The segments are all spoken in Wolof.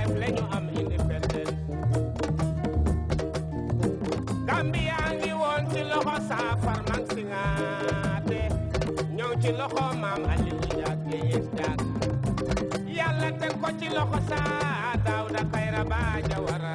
time la ñu am indépendance Gambia ngi woon ci loxo Saafar Mangsingate ñëw ci loxo maam Aliou Diagne yes Diagne yàlla teg ko ci loxo saa Daawda Kayra Ba Jawara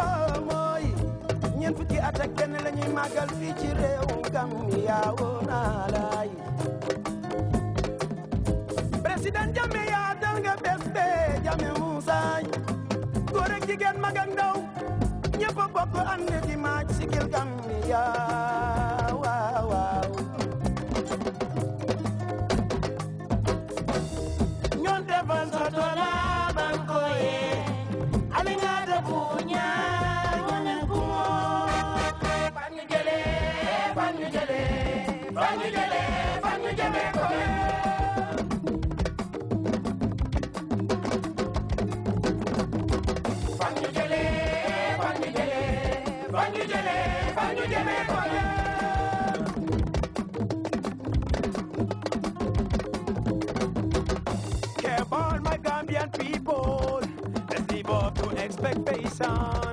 ba mooy ñeent fukki at ak benn la ñuy màggal fii ci yaa dal nga bés bee Jammeh Moussa góor ak jigéen mag ak ndaw ñëpp a bokk ànd di Care about my Gambian people, let's live up to expectations.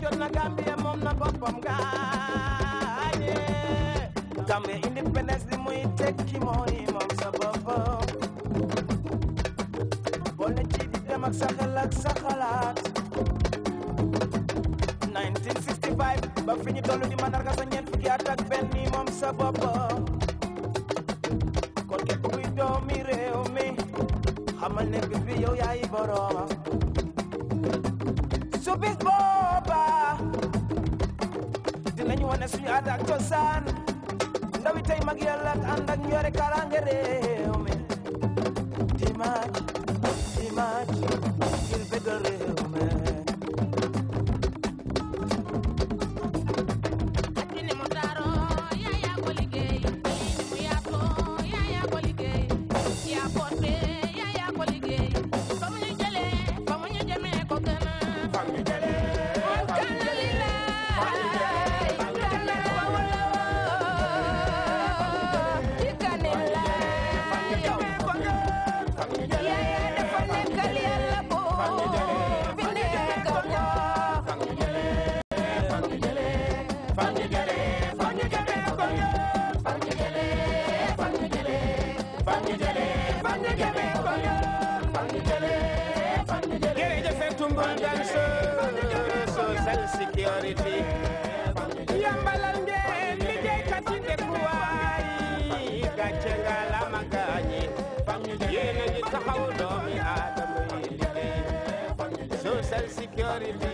jot na Gambie moom na boppam gaañe Gambie indépendance li muy tekki mooy moom sa boppam bol ne ci di dem ak sa xel ak sa xalaat 1965 ba fi ñu toll di mandarga sa ñeent fukki at ak benn ni moom sa boppam kon képp kuy doomi réew mi xamal ne bis bi yow yaay boroomam boo wane suñu aada ak cosaan ndawi tey mag yàlla ak ànd ak ñore kaaraange security yambalal ngeen liggéeykat yi dëkkuwaay yi gàcce nga la magaañi yéen a ngi taxaw doomi aadama yi liggéey social security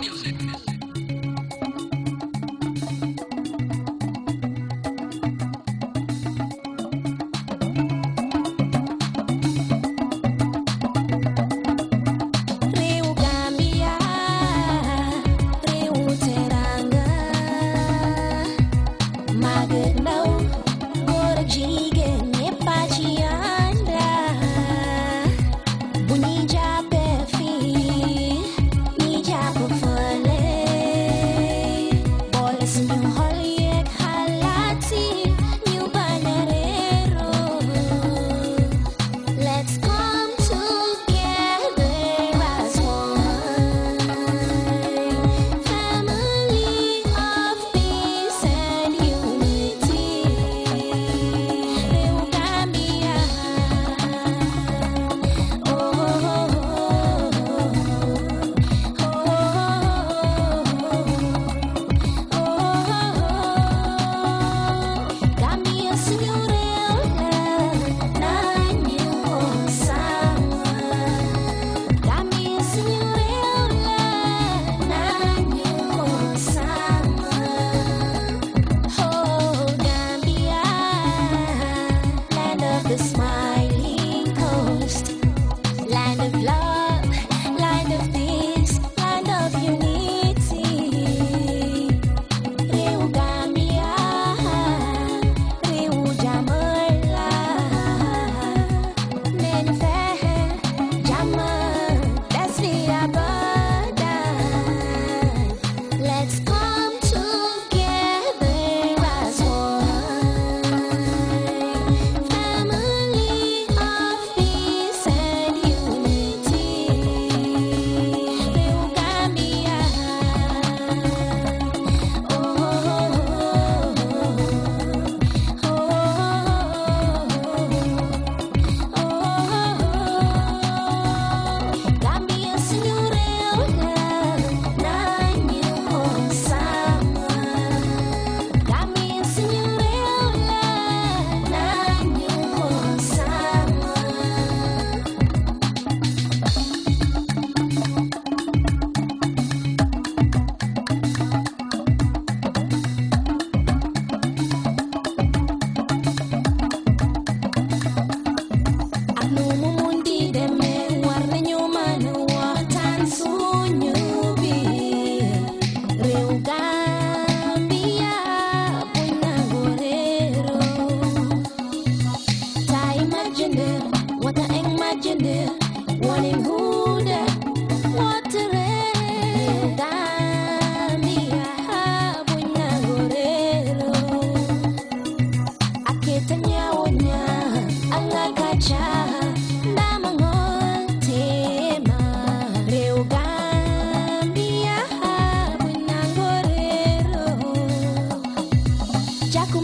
嗯。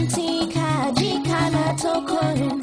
Minti Jika, kana tokorin